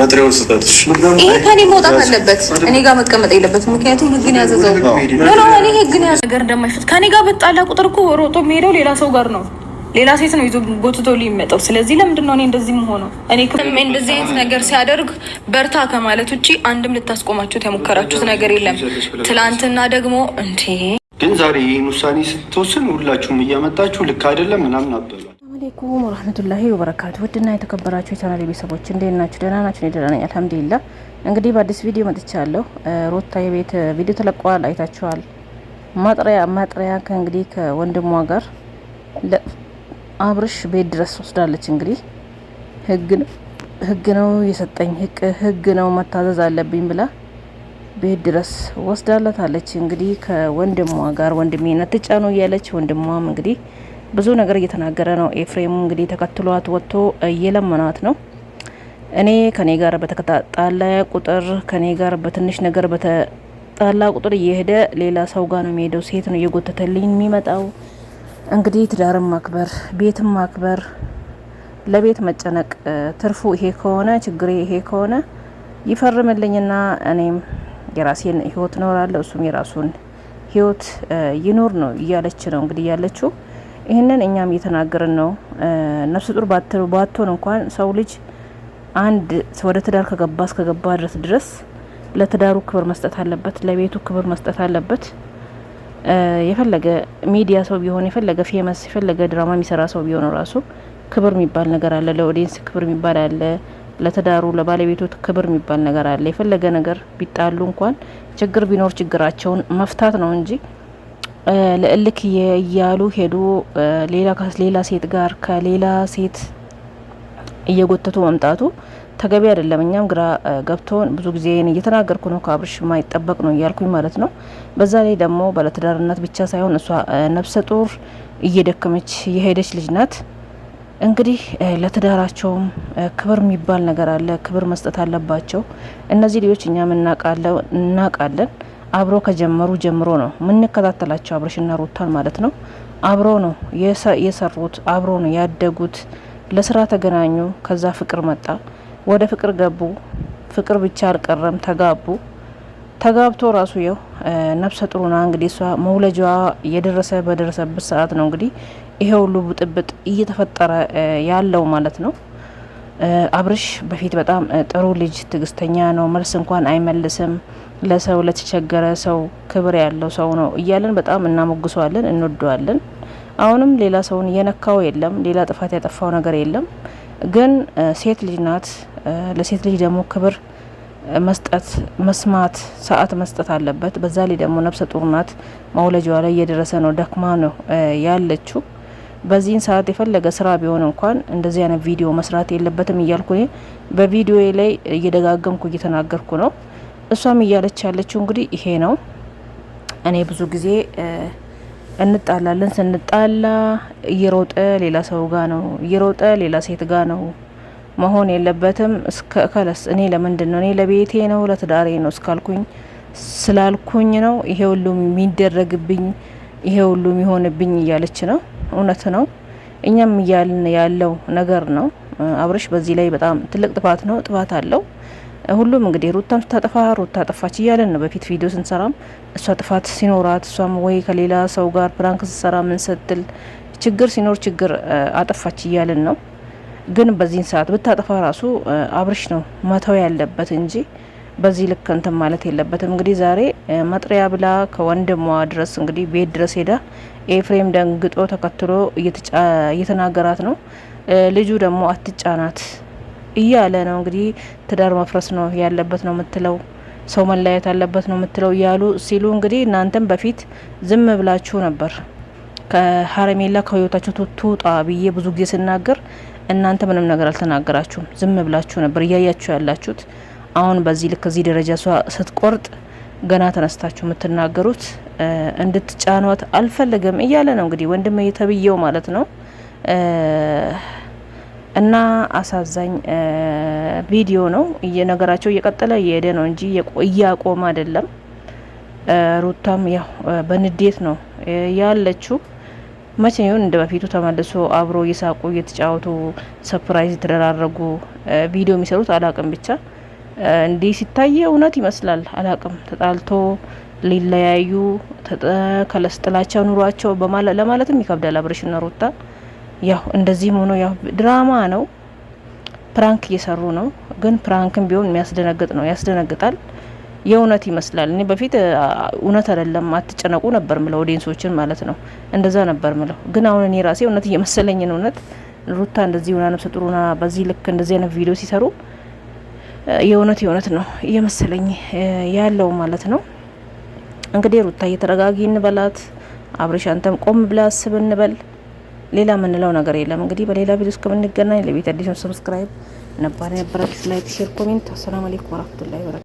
መጥሪያው ስጠትሽ። ይሄ ከኔ መውጣት አለበት፣ እኔ ጋር መቀመጥ የለበትም። ምክንያቱም ህግን ያዘዘው ነው እኔ ህግን ያዘ ነገር እንደማይፈት ከኔ ጋር በጣላ ቁጥር እኮ ሮጦ የሚሄደው ሌላ ሰው ጋር ነው፣ ሌላ ሴት ነው ይዞ ጎትቶ ሊመጣው። ስለዚህ ለምንድን ነው እኔ እንደዚህ መሆነው? እኔ ክም እንደዚህ አይነት ነገር ሲያደርግ በርታ ከማለት ውጭ አንድም ልታስቆማችሁት የሞከራችሁት ነገር የለም። ትላንትና ደግሞ እንዴ ግን ዛሬ ይህን ውሳኔ ስትወስን ሁላችሁም እያመጣችሁ ልክ አይደለም ምናምን አበሉ አለይኩም ወራህመቱላሂ ወበረካቱ ውድና የተከበራችሁ የቻናል ቤተሰቦች እንዴት ናችሁ? ደህና ናችሁ? ደህና ነኝ አልሐምዱሊላ። እንግዲህ በአዲስ ቪዲዮ መጥቻለሁ። ሮታ የቤት ቪዲዮ ተለቋል፣ አይታችኋል። ማጥሪያ ማጥሪያ ከእንግዲህ ከወንድሟ ጋር አብርሽ ቤት ድረስ ወስዳለች። እንግዲህ ህግ ነው የሰጠኝ ህግ ነው መታዘዝ አለብኝ ብላ ቤት ድረስ ወስዳለታለች። እንግዲህ ከወንድሟ ጋር ወንድሜ ነትጫኑ እያለች ወንድሟም እንግዲህ ብዙ ነገር እየተናገረ ነው። ኤፍሬሙ እንግዲህ ተከትሏት ወጥቶ እየለመናት ነው። እኔ ከኔ ጋር በተጣላ ቁጥር ከኔ ጋር በትንሽ ነገር በተጣላ ቁጥር እየሄደ ሌላ ሰው ጋር ነው የሚሄደው። ሴት ነው እየጎተተልኝ የሚመጣው። እንግዲህ ትዳርም ማክበር፣ ቤትም ማክበር፣ ለቤት መጨነቅ ትርፉ ይሄ ከሆነ ችግሬ ይሄ ከሆነ ይፈርምልኝና እኔም የራሴን ህይወት እኖራለሁ እሱም የራሱን ህይወት ይኖር ነው እያለች ነው እንግዲህ ያለችው። ይህንን እኛም እየተናገርን ነው። ነፍሰ ጡር ባትሆን እንኳን ሰው ልጅ አንድ ወደ ትዳር ከገባ እስከገባ ድረስ ድረስ ለትዳሩ ክብር መስጠት አለበት፣ ለቤቱ ክብር መስጠት አለበት። የፈለገ ሚዲያ ሰው ቢሆን የፈለገ ፌመስ የፈለገ ድራማ የሚሰራ ሰው ቢሆን ራሱ ክብር የሚባል ነገር አለ። ለኦዲየንስ ክብር የሚባል አለ። ለትዳሩ ለባለቤቱ ክብር የሚባል ነገር አለ። የፈለገ ነገር ቢጣሉ እንኳን ችግር ቢኖር ችግራቸውን መፍታት ነው እንጂ ልዕልክ እያሉ ሄዶ ሌላ ሴት ጋር ከሌላ ሴት እየጎተቱ መምጣቱ ተገቢ አይደለም። እኛም ግራ ገብቶን ብዙ ጊዜ እየተናገርኩ ነው፣ ከአብርሽ ማይጠበቅ ነው እያልኩኝ ማለት ነው። በዛ ላይ ደግሞ ባለትዳርነት ብቻ ሳይሆን እሷ ነፍሰ ጡር እየደከመች የሄደች ልጅ ናት። እንግዲህ ለትዳራቸውም ክብር የሚባል ነገር አለ፣ ክብር መስጠት አለባቸው እነዚህ ልጆች። እኛም እናቃለን አብሮ ከጀመሩ ጀምሮ ነው የምንከታተላቸው አብርሽና ሩታን ማለት ነው። አብሮ ነው የሰሩት፣ አብሮ ነው ያደጉት። ለስራ ተገናኙ፣ ከዛ ፍቅር መጣ፣ ወደ ፍቅር ገቡ። ፍቅር ብቻ አልቀረም፣ ተጋቡ። ተጋብቶ ራሱ የው ነፍሰ ጥሩና እንግዲህ እሷ መውለጃዋ የደረሰ በደረሰበት ሰዓት ነው እንግዲህ ይሄ ሁሉ ብጥብጥ እየተፈጠረ ያለው ማለት ነው። አብርሽ በፊት በጣም ጥሩ ልጅ ትግስተኛ ነው፣ መልስ እንኳን አይመልስም። ለሰው ለተቸገረ ሰው ክብር ያለው ሰው ነው እያለን በጣም እናሞግሰዋለን፣ እንወደዋለን። አሁንም ሌላ ሰውን የነካው የለም፣ ሌላ ጥፋት ያጠፋው ነገር የለም። ግን ሴት ልጅ ናት። ለሴት ልጅ ደግሞ ክብር መስጠት፣ መስማት፣ ሰዓት መስጠት አለበት። በዛ ላይ ደግሞ ነፍሰ ጡር ናት። መውለጃዋ ላይ እየደረሰ ነው፣ ደክማ ነው ያለችው። በዚህን ሰዓት የፈለገ ስራ ቢሆን እንኳን እንደዚህ አይነት ቪዲዮ መስራት የለበትም እያልኩ እኔ በቪዲዮ ላይ እየደጋገምኩ እየተናገርኩ ነው። እሷም እያለች ያለችው እንግዲህ ይሄ ነው። እኔ ብዙ ጊዜ እንጣላለን። ስንጣላ እየሮጠ ሌላ ሰው ጋ ነው እየሮጠ ሌላ ሴት ጋ ነው መሆን የለበትም። እስከ ከለስ እኔ ለምንድን ነው እኔ ለቤቴ ነው ለትዳሬ ነው እስካልኩኝ ስላልኩኝ ነው ይሄ ሁሉ የሚደረግብኝ ይሄ ሁሉ የሚሆንብኝ እያለች ነው። እውነት ነው፣ እኛም እያልን ያለው ነገር ነው። አብርሽ በዚህ ላይ በጣም ትልቅ ጥፋት ነው፣ ጥፋት አለው። ሁሉም እንግዲህ ሩታም ስታጠፋ ሩታ ጠፋች እያለን ነው። በፊት ቪዲዮ ስንሰራም እሷ ጥፋት ሲኖራት እሷም ወይ ከሌላ ሰው ጋር ፕራንክ ስትሰራ ምን ስትል ችግር ሲኖር ችግር አጠፋች እያለን ነው። ግን በዚህን ሰዓት ብታጠፋ ራሱ አብርሽ ነው መተው ያለበት እንጂ በዚህ ልክ እንትን ማለት የለበትም። እንግዲህ ዛሬ መጥሪያ ብላ ከወንድሟ ድረስ እንግዲህ ቤት ድረስ ሄዳ ኤፍሬም ደንግጦ ተከትሎ እየተናገራት ነው። ልጁ ደግሞ አትጫናት እያለ ነው እንግዲህ ትዳር መፍረስ ነው ያለበት ነው የምትለው ሰው መለያየት አለበት ነው የምትለው እያሉ ሲሉ እንግዲህ እናንተም በፊት ዝም ብላችሁ ነበር ከሀረሜላ ከህይወታችሁ ትውጣ ብዬ ብዙ ጊዜ ስናገር እናንተ ምንም ነገር አልተናገራችሁም። ዝም ብላችሁ ነበር እያያችሁ ያላችሁት አሁን በዚህ ልክ እዚህ ደረጃ እሷ ስትቆርጥ ገና ተነስታችሁ የምትናገሩት እንድትጫኗት አልፈለገም እያለ ነው እንግዲህ ወንድም የተብየው ማለት ነው። እና አሳዛኝ ቪዲዮ ነው። ነገራቸው እየቀጠለ እየሄደ ነው እንጂ እያቆመ አይደለም። ሩታም ያው በንዴት ነው ያለችው። መቼ ይሁን እንደ በፊቱ ተመልሶ አብሮ እየሳቁ እየተጫወቱ ሰፕራይዝ የተደራረጉ ቪዲዮ የሚሰሩት አላቅም ብቻ እንዲህ ሲታይ እውነት ይመስላል። አላቅም ተጣልቶ ሊለያዩ ከለስጥላቻ ኑሯቸው ለማለትም ይከብዳል። አብርሽና ሩታ ያው እንደዚህም ሆኖ ያው ድራማ ነው፣ ፕራንክ እየሰሩ ነው። ግን ፕራንክም ቢሆን የሚያስደነግጥ ነው፣ ያስደነግጣል። የእውነት ይመስላል። እኔ በፊት እውነት አይደለም አትጨነቁ ነበር ምለው ኦዲየንሶችን ማለት ነው፣ እንደዛ ነበር ምለው። ግን አሁን እኔ ራሴ እውነት እየመሰለኝን እውነት ሩታ እንደዚህ ሆና ነብሰ ጡር ሆና በዚህ ልክ እንደዚህ አይነት ቪዲዮ ሲሰሩ የእውነት የእውነት ነው እየመሰለኝ ያለው ማለት ነው። እንግዲህ ሩታ እየተረጋጊ እንበላት፣ አብርሽ አንተም ቆም ብለህ አስብ እንበል። ሌላ የምንለው ነገር የለም። እንግዲህ በሌላ ቪዲዮ እስከምንገናኝ ለቤት አዲሱን ሰብስክራይብ ነባር የነበራችሁ ላይክ፣ ሼር፣ ኮሜንት። አሰላሙ አለይኩም ወራህመቱላሂ ወበረካቱ